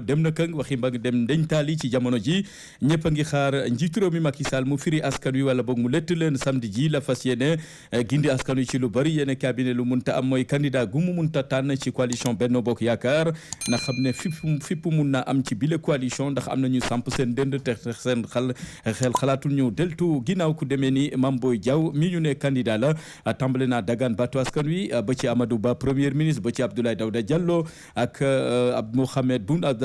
dem na këng waxi mbag dem ndeñ taali ci jamono ji ñëpp a ngi xaar njiitu réew mi Macky Sall mu firi askan wi wala boog mu lett leen samedi ji la fas yéene eh, gindi askan wi ci lu bari yéen cabinet lu munta am mooy candidat gu mu munta tànn ci coalition Benno Bokk Yaakaar na xam ne fipp fipp mun na am ci bile coalition ndax am na ñu samp seen dënd te xel xalaatul ñu deltu ginnaaw ku demee ni Mame Boye Diaw mi ñu ne candidat la ah, tàmbale na dagaan baatu askan ah, ba ci Amadou Ba premier ministre ba ci Abdoulaye Daouda Diallo eh,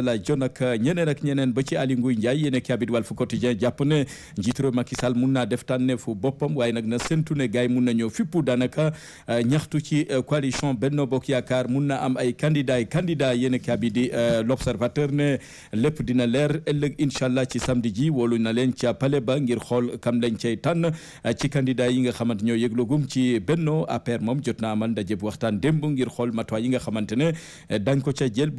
Abdoulaye Dione ak ñeneen ak ñeneen ba ci Aly Ngouille Ndiaye yéen a kaabit Walf Quotidien jàpp ne njiitu réew Macky Sall mun naa def tànneefu boppam waaye nag na séntu ne gars yi mun nañoo fippu daanaka euh, ñaxtu ci euh, coalition Benno Bokk Yaakaar mun na am ay candidat ay candidat yéen a kaabit di euh, l'observateur ne lépp dina leer ëllëg incha allah ci samedi ji wolu na leen ca pale ba ngir xool kam lañ cay tànn ci candidat yi nga xamante ñoo yëglogum ci Benno APR moom jot na amal ndaje bu waxtaan démb ngir xool matuwaay yi nga xamante ne dañ ko ca jël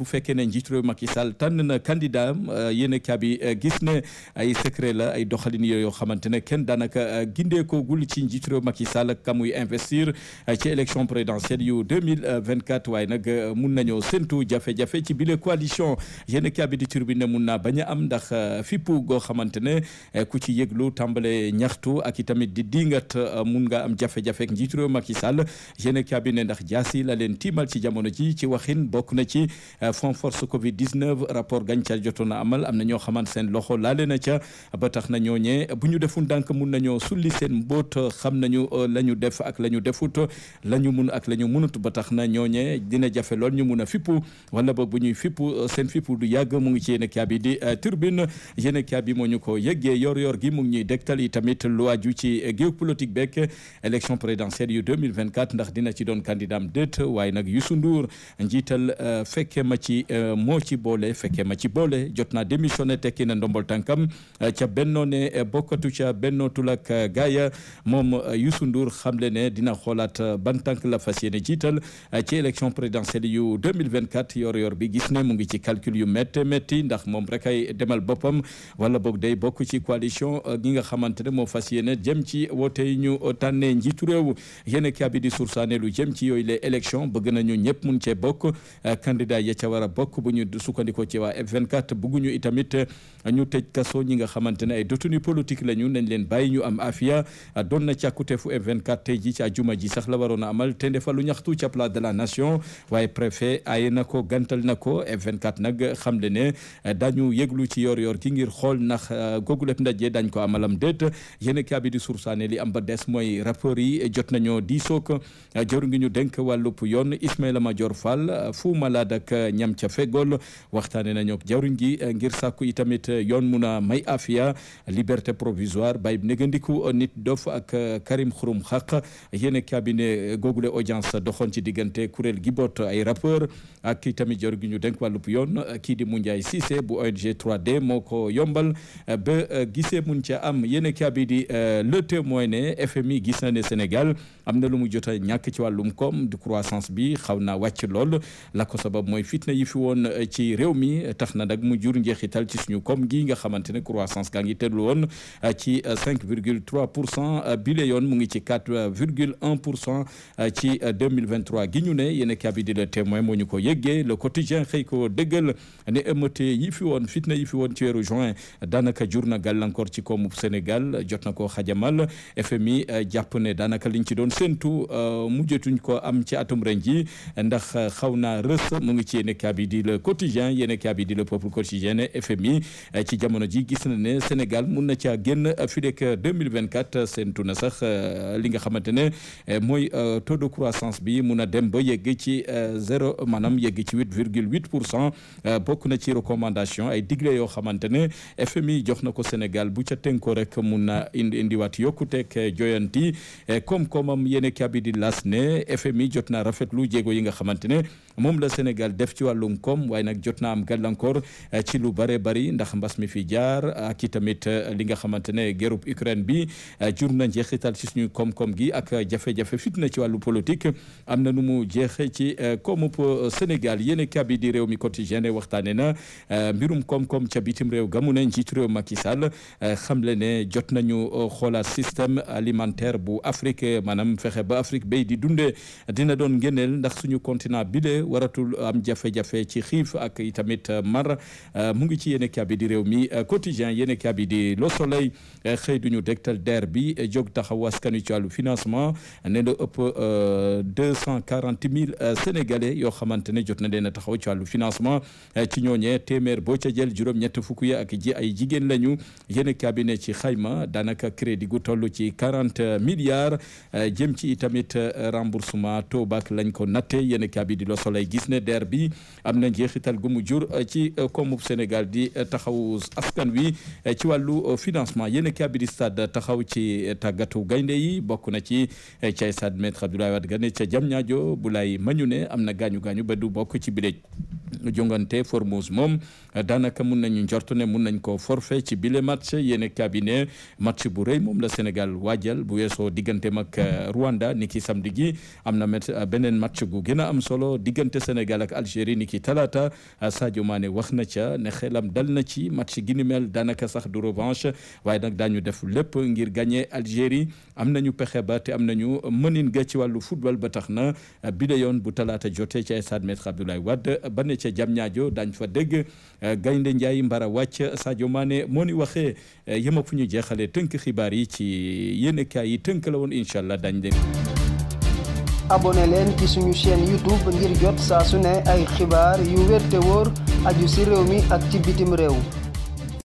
tànn na candidat am euh, yéen a bi euh, gis ne ay secret la ay doxalin yooyu xamante ne kenn daanaka euh, gindeekoogul ci njiitu réew Macky Sall ak kamuy investir ci élection présidentielle yu 2024 waaye nag mun nañoo séntu jafe-jafe ci bile coalition yéen a bi di mun naa baña am ndax fippu goo xamante ne ku ci yëglu tàmbale ñaxtu ak tamit di dingat mun nga am jafe-jafe ak njiitu réew Macky Sall yéen a ne ndax jaasi la leen timal ci jamono ji ci waxin bokk na ci fond force Covid rapport gàncax jotoon na amal am na ñoo xamante seen loxo laale na ca ba tax na ñooñee bu ñu defun dànk mun nañoo sulli seen mboot xam nañu euh, la ñu def ak la ñu defut la ñu mun ak la munut ba tax na ñooñee dina jafe lool ñu mun a fippu wala ba bu ñuy fippu euh, seen fippu du yàgg mu ngi ci yéen kaabi di euh, turbine yéen kaabi moo ñu ko yëggee yor yor gi mu ngi ñuy dégtal yi tamit lu aju ci géopolitique beek élection présidentielle yu ndax dina ci doon candidat am déet boole fekke ma ci boole jot naa démissionné tekki na ndombol tànkam eh, ca benno ne eh, bokkatu ca benno tulak eh, gaaya moom yusu nduur xam ne dina xoolaat ban tànk la fas yéene jiital ci élection présidentielle yu 2024 yor yor bi gis ne mu ngi ci calcul yu métti métti ndax moom rek ay demal boppam wala boog day bokk ci coalition gi nga xamante ne moo fas yéene jëm ci woote ñu tànnee njiitu réew yéen kaabi di sursaane lu jëm ci yooyu les élections bëgg nañu ñëpp mun cee bokk candidat ya ca war ko ci waa F24 bëgguñu itamit ñu tëj kaso ñi nga xamante ne ay détenu politique lañu nañ leen bàyyi ñu am afia doon na càkkuteefu F24 tey ji ci àjuma ji sax la waroon a amal te falu ñaxtu ca place de la nation waaye préfet aye na ko gantal na ko F24 nag xam le ne dañu yëglu ci yor yor gi ngir xool ndax euh, googu lépp ndaje dañ ko amalam déet yéen a bi di sursaane li am ba des mooy rapport yi jot nañoo diisoo ko jor ngi ñu dénk wàllub yoon Ismaïla Madior Fall fu malade ak ñam ca fegool wax waxtaane nañu ak jawriñ gi eh, ngir sàkku itamit eh, yoon mun a may afia liberté provisoire bayib négandiku eh, nit dof ak Karim Xurum Xaq yéen cabinet googule audience doxoon ci diggante kuréel gi boot ay rappeur ak itamit jawriñ gi ñu denk wàllub yoon kii di Moundiaye Cissé bu ONG 3D moo ko yombal ba gisee mun ca am yéen cabinet di le témoin ne FMI gis na ne Sénégal am na lu mu jot ñàkk ci wàllum koom du croissance bi xaw naa wàcc lool la sabab mooy fitna yi fi woon ci réew mi tax na nag mu jur njeexital ci suñu koom gi nga xamante ne croissance gaa ngi teelu ci 5 euh, pour cent euh, bi yoon mu ngi ci 4 euh, virgule 1 pour cent ci gi ñu ne yéen kabi di le témoin moo ñu ko yëggee le quotidien xëy ko dëggal ne émeute yi fi woon fitna yi fi woon ci weeru juin daanaka jur na gàllankoor ci koomub Sénégal jot na ko xajamal FMI jàpp ne daanaka liñ ci doon séntu mujjatuñ ko am ci atum ren ji ndax xaw na rës mu ngi ci yéen kabi le quotidien yéen kaa bi di le peuple quotidien FMI eh, ci jamono ji gis na ne Sénégal mun na caa génn fi nekk 2024 séntu na sax eh, li nga xamante ne eh, mooy taux de croissance bi mun a dem ba yegg ci zéro maanaam yegg ci 8 virgule 8 pour cent bokk na ci recommandation ay digle yoo xamante ne FMI jox na ko Sénégal bu ca tënkoo rek mun na indi indiwaat yokkuteeg joyanti koom-koomam yéen kaa bi di las ne FMI jot naa rafetlu jéego yi nga xamante moom la Sénégal def ci wàllum koom waaye nag jot na am gàllankoor eh, ci lu bare bari ndax mbas mi fi jaar ak i tamit eh, li nga xamante ne gerub Ukraine bi eh, jur na njeexital ci suñu koom-koom gi ak jafe-jafe na ci wàllu politique am na nu mu jeexe ci koomub Sénégal yéen kabi di réew mi quotidien waxtaane na mbirum koom-koom ca bitim réew gamu ne njiitu réew Macky Sall xamle ne jot nañu xoolaat système alimentaire bu Afrique maanaam fexe ba Afrique béy di dundee dina doon ngéneel ndax suñu continent waratul am jafe-jafe ci xiif ak itamit mar euh, mu ngi ci yéen kabi di réew mi euh, quotidien yéen kabi di Le Soleil euh, xëy duñu dektal der bi jóg taxaw askan wi ci wàllu financement ne lu ëpp deux cent quarante mille sénégalais yoo xamante ne jot na leen taxaw ci wàllu financement ci ñooñee téeméer boo ca jël juróom-ñett fukk yi ak ji ay jigéen lañu yéen kabi ne ci xayma daanaka crédit gu toll ci quarante milliards jëm ci itamit remboursement taux BAC lañ ko natte yéen kabi di lay gis ne der bi am na njeexital gu jur euh, ci euh, koomub Sénégal di euh, taxaw askan wi ci wàllu financement yéen a kii stade taxaw ci tàggatu gaynde yi bokk na ci cay stade maître Abdoulaye Wade Gane ca Diamniadio bu lay mañu ne am na gaañu gaañu ba du bokk ci biir jongante Formose moom daanaka mun nañu njort ne mun nañ ko forfait ci bile match yéen cabinet match bu rey moom la Sénégal waajal bu weesoo digganteem ak euh, Rwanda niki samedi gi am na beneen match gu gën a am solo diggante Sénégal ak Algérie niki talaata Sadio Mané wax na ca ne xelam dal na ci match gi mel daanaka sax du revanche waaye nag daañu def lépp ngir gagné Algérie am nañu pexe ba te am nañu mënin ga ci wàllu football ba tax na bi de yoon bu talaata jote ca stade Maître Abdoulaye Wade ba ca jam ñaajo dañ fa dëgg euh, Gaynde Ndiaye mbara wàcc Sadio Mané moo ni waxee euh, yem fu ñu jeexalee tënk xibaar yi ci yéenekaay yi tënk la woon incha allah dañ leen abonné leen ci suñu chaîne YouTube ngir jot saa su ne ay xibaar yu wér te aju si réew mi ak ci bitim réew